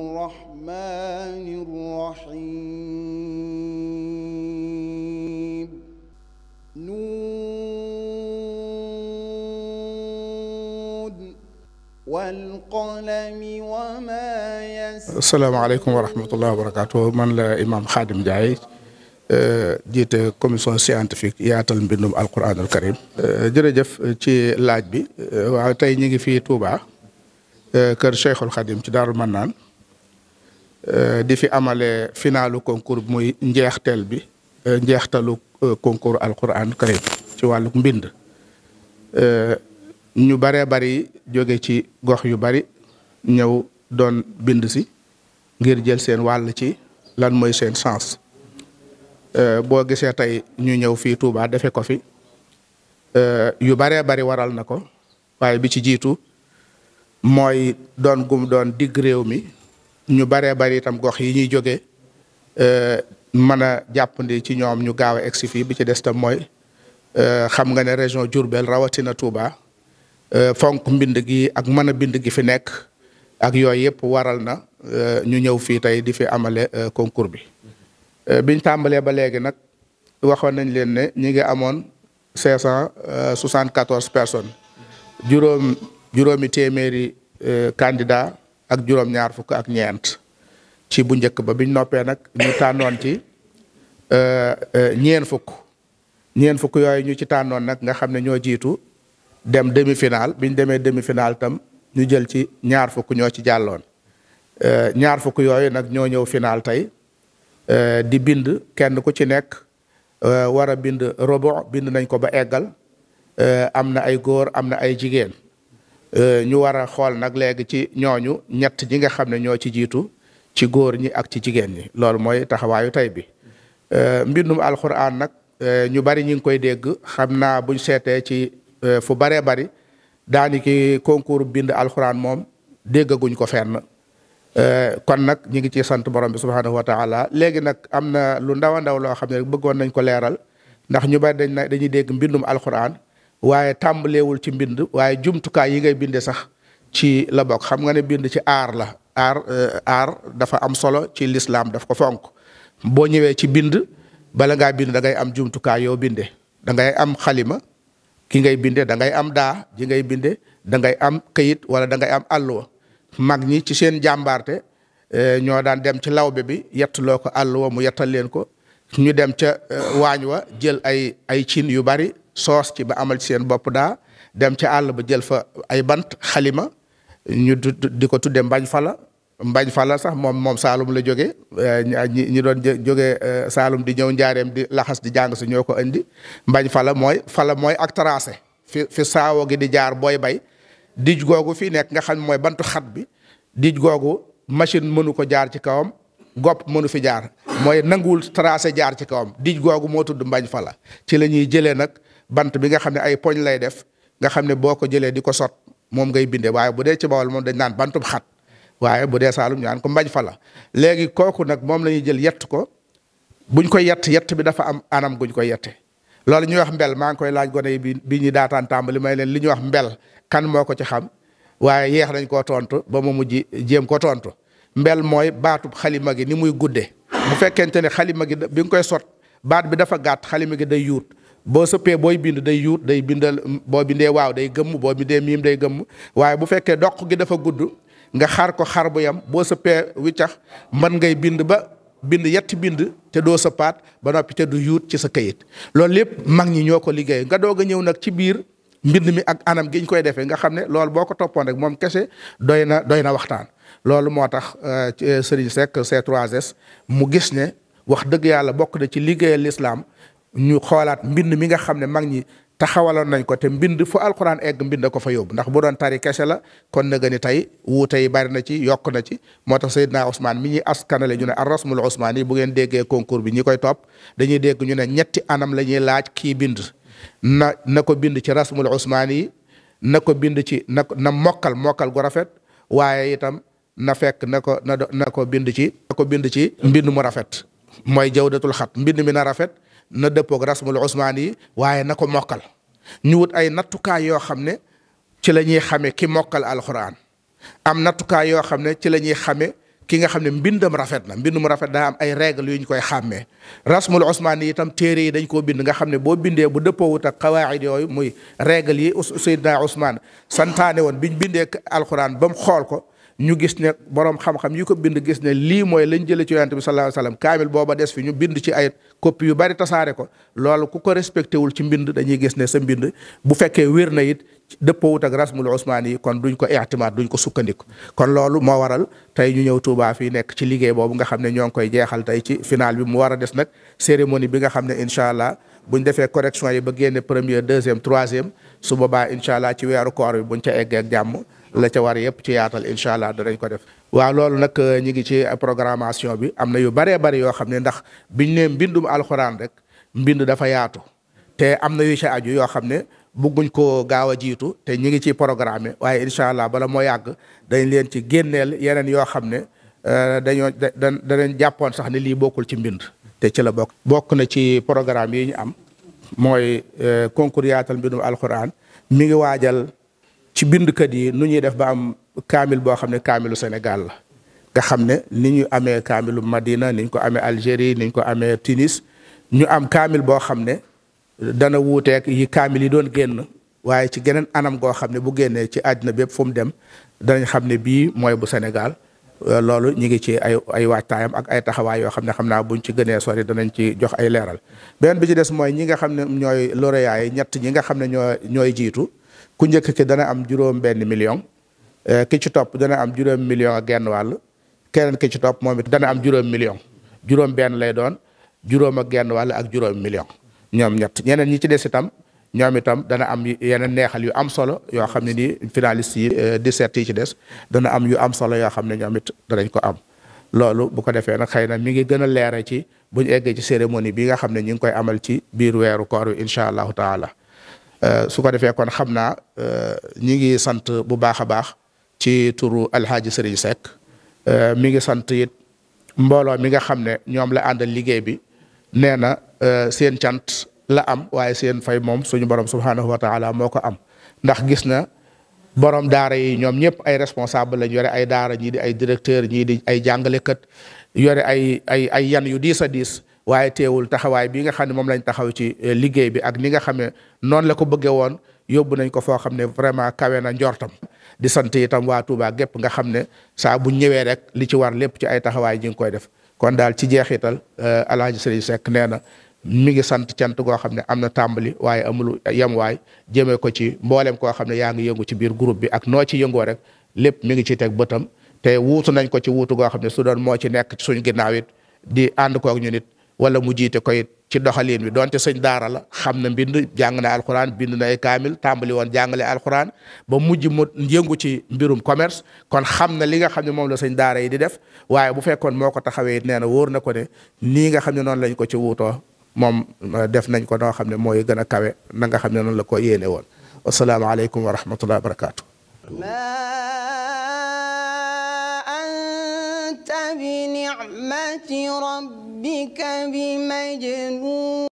الرحمن الرحيم نون والقلم وما يسر السلام عليكم ورحمة yaatal mbindum alquranul euh, jërëjëf ci laaj bi euh, waaw tey ñu ngi fii Touba euh, kër Cheikhul Khadim ci Daarul Mannaan Euh, di fi amale finaalu concours muy njeexteel bi euh, njeextalu euh, concours alquran karim ci wàllu mbind ñu baree bari jóge ci gox yu bari ñëw doon bind si ngir jël seen wàll ci lan mooy seen sens boo gisee tey ñu ñëw fii Touba defe ko fi yu baree bari waral na ko waaye bi ci jiitu mooy doon gum doon digg réew mi ñu baree bari itam gox yi ñuy jóge euh, mën a jàppandi ci ñoom ñu gaaw a egsi bi ci des tam mooy euh, xam nga ne région Diourbel rawatina Touba euh, fonk mbind gi ak mën a bind gi fi nekk ak yooyu yëpp waral na ñu ñëw fii tey di fi amale concours bi biñ tàmbalee ba léegi nag waxoon nañ leen ne ñi ngi amoon cinq cent soixante-quatorze personnes juróom juróomi téeméeri candidat ak juróom-ñaar fukk ak ñeent ci bu njëkk ba biñ noppee nag ñu tànnoon ci euh, euh, ñeent fukk ñeen fukk yooyu ñu ci tànnoon nag nga xam ne ñoo jiitu dem demi finaal biñ demee demi-finale tam ñu jël ci ñaar fukk ñoo ci jàlloon euh, ñaar fukk yooyu nag ñoo ñëw finale tey di bind kenn ku ci nekk war a bind robo bind nañ ko ba eggal am na ay góor am na ay jigéen Euh, ñu war a xool nag léegi ci ñooñu ñett ñi nga xam ne ñoo ci jiitu ci góor ñi ak ci jigéen ñi loolu mooy taxawaayu tey bi euh, mbindum alxuraan nag euh, ñu bari ñu ngi koy dégg xam naa buñ seetee ci fu baree bari daaniki concours bind alxuraan moom guñ ko fenn kon nag ñu ngi ci sant borom bi subhaanahu wa taala léegi nag am na lu ndaw a ndaw loo xam ne rek bëggoon nañ ko leeral ndax ñu bari dañ dañuy dégg mbindum alxuraan waaye tàmbaleewul ci mbind waaye jumtukaay yi ngay binde sax ci la bokk xam nga ne bind ci aar la aar euh, aar dafa am solo ci lislaam daf ko fonk boo ñëwee ci bind bala ngaa bind da ngay am jumtukaay yoo binde da ngay am xalima ki ngay bindee da ngay am daa ji ngay binde da ngay am kayit wala da ngay am àlluwa mag ñi ci seen jàmbaarte euh, ñoo daan dem ci lawbe bi yettuloo ko àlluwa mu yettal leen ko ñu dem ca euh, waañ wa jël ay ay cin yu bari soos ci ba amal ci seen bopp daa dem ci àll ba jël fa ay bant xalima ñu di ko tuddee mbañ fala mbañ fala sax moom moom saalum la jóge eh, ñi ñi doon jógee eh, saalum di ñëw njaareem di laxas di jàng si ñoo ko indi mbañ fala mooy fala mooy ak tracé fi fi saawo gi di jaar booy bay dij googu fii nekk nga xam mooy bantu xat bi dij googu machine mënu ko jaar ci kawam gopp mënu fi jaar mooy nanguwul tracé jaar ci kawam dij googu moo tudd mbañ fala ci la ñuy jëlee nag bant bi nga xam ne ay poñ lay def nga xam ne boo ko jëlee di ko sot moom ngay bindee waaye bu dee ci bawol moom dañ naan bantub xat waaye bu dee saalum ñu naan ko mbaj fa la léegi kooku nag moom la ñuy jël yett ko buñ koy yett yett bi dafa am anam guñ koy yette loolu ñuy wax mbel maa ngi koy laaj gone yi bi bi ñu daataan tàmbali may leen li ñuy wax mbel kan moo ko ci xam waaye yeex nañ koo tontu ba mu mujj jéem ko tontu mbel mooy baatub xalima gi ni muy guddee bu fekkente ne xalima gi bi nga koy sot baat bi dafa gàtt xalima gi day yuut boo sëppee booy bind day yuut day bindal boo bindee waaw day gëmm boo bindee miim day gëmm waaye bu fekkee doq gi dafa gudd nga xar ko xar bu yam boo sëppee wiccax mën ngay bind ba bind yetti bind te doo sëppaat ba noppi te du yuut ci sa kayit loolu lépp mag ñi ñoo ko liggéey nga doog a ñëw nag ci biir mbind mi ak anam gi ñu koy defee nga xam ne loolu boo ko toppoon rek moom kese doy na doy na waxtaan loolu moo tax euh, Serigne Seck C3S mu gis ne wax dëgg yàlla bokk na ci liggéeyal lislaam ñu xoolaat mbind mi nga xam ne mag ñi taxawaloon nañ ko te mbind fu alxuraan egg mbind ko fa yóbbu ndax bu doon tari kese la kon na gëni tey wuute yi bari na ci yokk na ci moo tax Seydina Ousmane mi ñuy askanale ñu ne ar rasmul Ousmane yi bu ngeen déggee concours bi ñi koy topp dañuy dégg ñu ne ñetti anam la ñuy laaj kii bind na na ko bind ci rasmul Ousmane yi na ko bind ci na na mokkal mokkal gu rafet waaye itam na fekk na ko na na ko bind ci na ko bind ci mbind mu rafet mooy jawdatul xat mbind mi na rafet na dëppoog rasmul usmaan yi waaye na ko mokkal ñu wut ay nattukaay yoo xam ne ci la ñuy xame ki mokkal alxuraan am nattukaay yoo xam ne ci la ñuy xame ki nga xam ne mbindam rafet na mu rafet daa am ay règle yu ñu koy xàmmee rasmul usmaan yi itam téere yi dañ koo bind nga xam ne boo bindee bu dëppoowut ak xawaayid yooyu muy règle yi Seydina Usmaan santaane woon biñ bindee alxuraan ba mu xool ko ñu gis ne borom xam-xam yu ko bind gis ne lii mooy lañ jëlee ci yonent bi sallallahu alayhi wasallam kaamil booba des fi ñu bind ci ay copie yu bari tasaare ko loolu ku ko respecté wul ci mbind dañuy gis ne sa mbind bu fekkee wér na it dëppoowut ak rasmul usmaan yi kon duñ ko ihtimaat duñ ko sukkandiku kon loolu moo waral tey ñu ñëw Touba fii nekk ci liggéey boobu nga xam ne ñoo ngi koy jeexal tey ci final bi mu war a des nag cérémonie bi nga xam ne incha allah buñ defee correction yi ba génne premier deuxième troisième su boobaa incha allah ci weeru koor bi buñ ca eggee ak jàmm la ca war yëpp ci yaatal incha allah danañ ko def. waaw loolu nag euh, ñu ngi ci programmation bi am na yu baree bari yoo xam ne ndax biñ nee mbindum alxuraan rek mbind dafa yaatu te am na yu ca aju yoo xam ne bëgguñ ko gaaw a jiitu te ñu ngi ci programme waaye incha allah bala moo yàgg dañ leen ci génneel yeneen yoo xam ne euh, dañoo da danañ jàppoon sax ne lii bokkul ci mbind te ci la bokk. bokk na ci programme yi ñu am. mooy euh, concours yaatal mbindum alxuraan mu ngi waajal ci bindkat yi nu ñuy def ba am kaamil boo xam ne kaamilu senegal la nga xam ne ni ñu amee kaamilu Madina ni ñu ko amee Algérie ni ñu ko amee Tunis ñu am kaamil boo xam ne dana wuuteeg yi kaamil yi doon génn waaye ci geneen anam goo xam ne bu génnee ci àddina bépp fu mu dem danañ xam ne bii mooy bu Sénégal Euh, loolu ñu ngi ci ay ay waajtaayam ak ay taxawaay yoo xam ne xam naa buñ ci gënee sori danañ ci jox ay leeral beneen bi ci des mooy ñi nga xam ne ñooy lauréat yi ñett ñi nga xam ne ñoo ñooy jiitu ku njëkk ki dana am juróom benn million euh, ki ci topp dana am juróom million ak genn wàll keneen ki ci topp moom it dana am juróom million juróom benn lay doon juróom ak genn wàll ak juróom million ñoom ñett ñeneen ñi ci des itam ñoom itam dana am yeneen neexal yu am solo yoo xam ne nii finaliste yi euh, dix-sept ci des dana am yu am solo yoo xam ne ñoom it danañ ko am loolu bu ko defee nag xëy na mi ngi gën a leere ci bu ñu eggee ci cérémonie bi nga xam ne ñu ngi koy amal ci biir weeru koor wi incha allahu taala euh, su ko defee kon xam naa euh, ñi ngi sant bu baax a baax ci turu alhaaji sëriñ Seck mi ngi sant it mbooloo mi nga xam ne ñoom la àndal liggéey bi nee na seen cant la am waaye seen fay moom suñu borom subhanahu wa taala moo ko am ndax gis na borom daara yi ñoom ñëpp ay responsable lañ yore ay daara ñii di ay directeur ñii di ay jàngalekat yore ay ay ay yan yu diis a diis waaye teewul taxawaay bi nga xam ne moom lañ taxaw ci eh, liggéey bi ak ni nga xam ne noonu la ko bëggee woon yóbbu nañ ko foo xam ne vraiment kawe na njortam di sant itam waa Touba gépp nga xam ne saa bu ñëwee rek li ci war lépp ci ay taxawaay ñi ngi koy def kon daal ci jeexital El eh, Hadj Sëriñ Seck nee na mi ngi sant cant goo xam ne am na tàmbali waaye amul yem waay jëmee ko ci mboolem koo xam ne yaa ngi yëngu ci biir groupe bi ak noo ci yëngoo rek lépp mi ngi ci teg bëtam te wuutu nañ ko ci wuutu goo xam ne su doon moo ci nekk ci suñ ginnaaw di ànd koog ñu wala mu jiite ko ci doxaliin bi donte sëñ daara la xam na mbind jàng na bind na ay kaamil tàmbali woon jàngale alxuraan ba mujj mu yëngu ci mbirum commerce kon xam na li nga xam ne moom la sëñ daara yi di def waaye bu fekkoon moo ko taxawee it nee na wóor na ko ne nii nga xam ne noonu lañ ko ci wuutoo moom euh, def nañ ko noo xam ne mooy gën a kawe na nga xam ne noonu la ko yéene woon wasalaamaaleykum wa rahmatullah wa barakaatu. anta bi ni'mati rabbika bi majnun